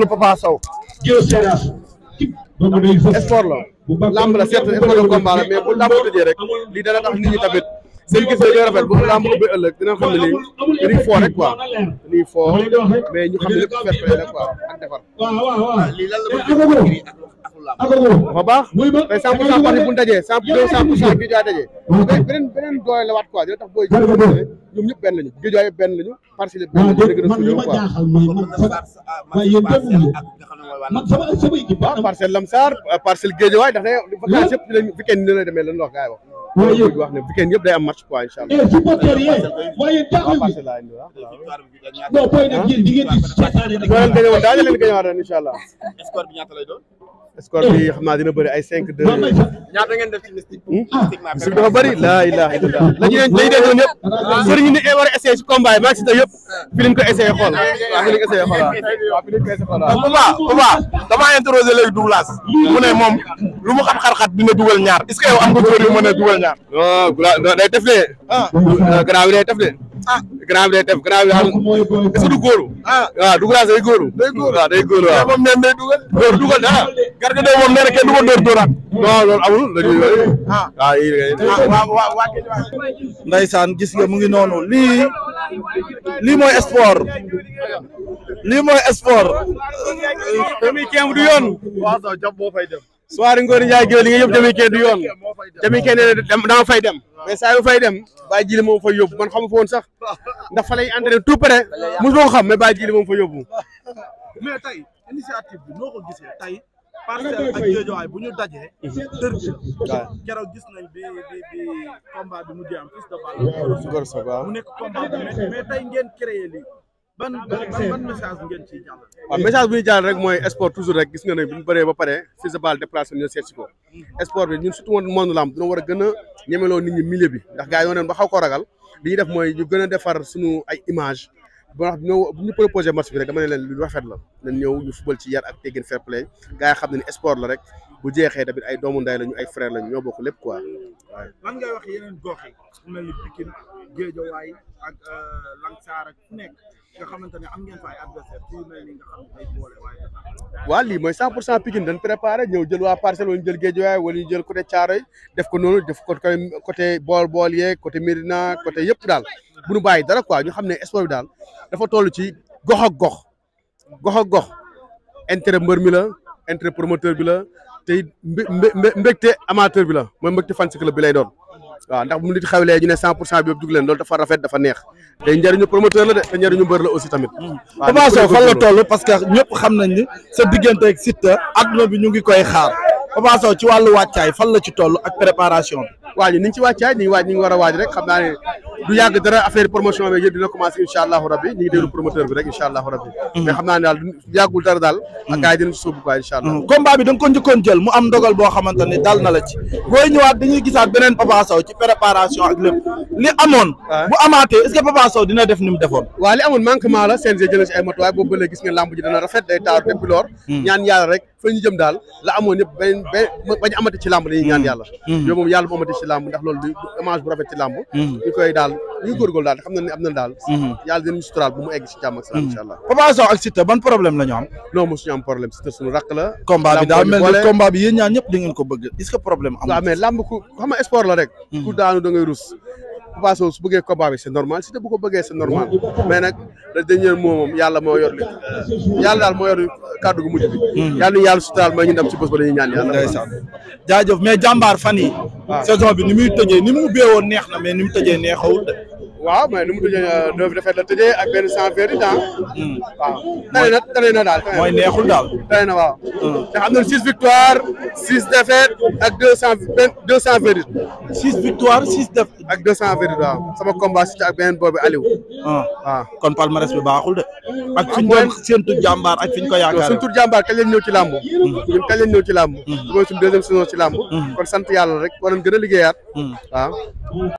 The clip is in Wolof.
lu Papa Sow la lamb la certes sport de la mais bu lamb tëjee rek lii dana tax ñi tamit seen gisee day rafet bu lamb ubbee ëllëg dina xam ne lii rek quoi dañuy foo mais ñu xam ne lépp fair play la quoi ak defar ah, lii lan la mën eh, a dafa baax bu ñu dajee cent deux cent pour cent bii daa dajee beneen beneen doole la waat quoi dina tax booy ñoom ñëpp benn lañu géejawaay yëpp benn lañu parcelle yëpp benn man li ma jaaxal mooy man waaye yéen déglu man sama sama équipe waaw parcelle Lamsar parcelle géejawaay ndax day weekend ni la demee lan wax gars yi wax waaye yëpp wax ne weekend yëpp day am match quoi incha allah supporter yi waaye jaaxal bi non booy nag yéen di ngeen di seetaane nag leen gañe woon daa leen gañe waat incha allah score bi ñaata lay doon score bi xam naa dina bëri ay cinq deux. ñaata ngeen def ci mystique. Hmm? mystique ah, laa ilaha illallah ah. la ah. ñu leen def ñëpp. sëriñ ni war a essayé ci combat yi maa si yëpp fi lañ ko essayé xool waaw fi lañ ko essayé xool waaw fi ne moom lu mu xat-xat-xat dina dugal ñaar est que yow am nga góor yu mën a dugal ñaar. non day def de. ah grand bi day def grand bi xam nga est-ce que du góoru ah waaw du grand day góoru day góoru waaw day góoru waaw moom neen day dugal góor dugal dara garga day moom nee na kenn du ko dóor dóoraat non loolu amul dañuy ah. Ah, ah waaw waaw waaw ndeysaan gis nga mu ngi noonu lii lii mooy sport lii mooy sport tamit kenn du yoon waaw sa job moo fay dem soirée Ngor Ndiaye géwél yi nga yëpp tamit kenn du yoon tamit kenn dama fay dem mais saa yu fay dem bàyyi jili moom fa yóbbu man xamu fa woon sax ndax fa lay entraîné tout près mosuma ko xam mais bàyyi jili moom fa yóbbu mais tey initiative bi noo ko gisee tey parcelle ak Guédiawaye bu ñu dajee dër bi la keroog gis nañ bi bi bi combat bi mujjee am fils de mu nekk combat mais tey ngeen créé lii ban ban message ngeen ciy jàll. waaw rek mooy sport toujours rek gis nga ne bu ñu bëree ba pare Fils de Balla déplacé ñu seet si ko. sport bi ñun surtout monde lamb dina war a gën a ñemeloo nit ñi milieu bi ndax gaa yi ñoo neen ba xaw ko ragal li ñuy def mooy ñu gën a defar suñu ay image ba nga xam bu ñu proposé match bi rek dama ne lu rafet la nañ ñëw ñu fubal ci yar ak teggin fair play gars yi xam ne ni sport la rek bu jeexee tamit ay doomu nday lañu ay frère lañu ñoo bokk lépp ko waaw. lan ngay wax yeneen gox yi mel ni ak euh, Langsar ak fu nga xamante ne am ngeen fa ay adversaire lii mooy cent pour cent Pikine dañ préparé ñëw jël waa parcelle wala ñu jël Guédiawaye wala ñu jël côté Thiaroye def ko noonu def ko côté bool bool yeeg côté Médina côté yëpp daal bu ñu bàyyi dara quoi ñu xam ne sport bi daal dafa tollu ci gox ak gox gox gox intérêt mbër mi la intérêt promoteur bi la te mbégte amateur bi la mooy mbégte fan club bi lay doon waaw ndax bu nit xawlee ñu ne cent pour cent bi yëpp dugg loolu dafa rafet dafa neex te njëriñu promoteur la de te njëriñu mbër la aussi tamit hmm. Papa Sow fan parce que ñëpp xam nañ ni sa diggante ak Siteu ñu ngi koy xaar Papa ci wàllu wàccaay fan ci toll ak préparation bi waaw ci wàccaay ñu ngi waaj a rek xam naa ne du yàgg dara affaire promotion bi dina commencé incha allahu rabi ñu ngi déglu promoteur bi rek incha allahu rabi mhm. mais xam naa ne daal yàggul dara daal ak mhm. gars yi dinañ sóobu quoi incha allah mhm. combat bi da nga ko njëkkoon jël mu am ndogal boo xamante ni na la ci booy ñëwaat dañuy gisaat beneen Papa Sow ci préparation ak lépp li amoon ah. bu amaatee est Papa Sow dina def ni defoon waaw li amoon manquement la CNG si ay matuwaay boobu ba léegi gis ngeen hmm. la ñaan ñu ngi góorgóorlu daal xam na ne am na daal mhm. yàlla dinañu suturaal bu mu egg si jàmm ak mhm. Papa Sow ak Siteu ban problème la ñu am non mosuñu am problème Siteu suñu rakk la combat bi daal mel ni combat bi yéen ko bëgg est problème am waaw mais lamb ku xam nga sport la rek mhm. ku daanu da ngay rus Papa bu ko bëggee c'est normal mais nag le dernier mot moom yàlla moo yor li yàlla daal moo yor kàddu gu mujj bi yàlla ñu suturaal ma ñu dem si bés ba dañuy ñaan yàlla saison bi ni muy tëjee ni mu ubbee woon neex na mais ni mu tëjee neexawul de. waaw mais nu mu tëjee euh, neuf defet la tëjee ak ah. hmm. waaw na tane na daal. mooy neexul daal tane na waaw. Hmm. te xam nañ six victoire six défaites ak deux cent vingt deux cent vingt huit. victoire six défaites. ak deux cent vingt huit waaw sama combat ak beneen boobu Aliou. Hmm. waaw kon palmarès bi baaxul de. ak fi ñu doon seen tur jàmbaar ak fi ñu ko yaakaar. suñu tur jàmbaar kañ leen ñëw ci làmb. ñun kañ leen ñëw ci làmb. mooy kon sant yàlla rek war nañ gën a liggéeyaat.